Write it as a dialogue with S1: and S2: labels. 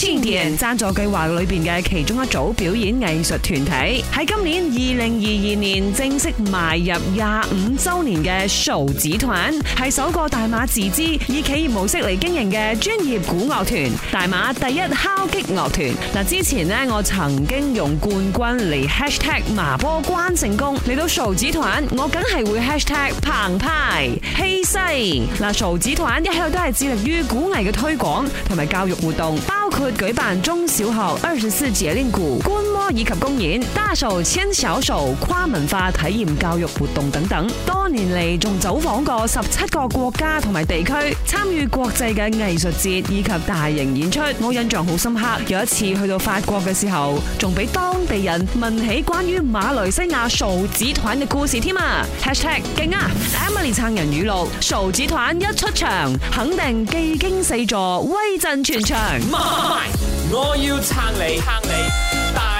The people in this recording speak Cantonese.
S1: 千年人贊助計劃裏邊嘅其中一組表演藝術團體，喺今年二零二二年正式邁入廿五週年嘅數子團，係首個大馬自資以企業模式嚟經營嘅專業鼓樂團，大馬第一敲擊樂團。嗱，之前咧我曾經用冠軍嚟 hashtag 麻波關成功，嚟到數子團，我梗係會 hashtag 澎湃氣勢。嗱，數子團一向都係致力於鼓藝嘅推廣同埋教育活動。會舉辦中小學二十四節令鼓觀摩，以及公演、大數、千小數、跨文化體驗教育活動等等，多年嚟仲走訪過十七個國家同埋地區，參與國際嘅藝術節以及大型演出，我印象好深刻。有一次去到法國嘅時候，仲俾當地人問起關於馬來西亞傻子團嘅故事添啊！#勁啊！Emily 撐人語錄：傻子團一出場，肯定技驚四座，威震全場。My.
S2: 我要撐你，撐你。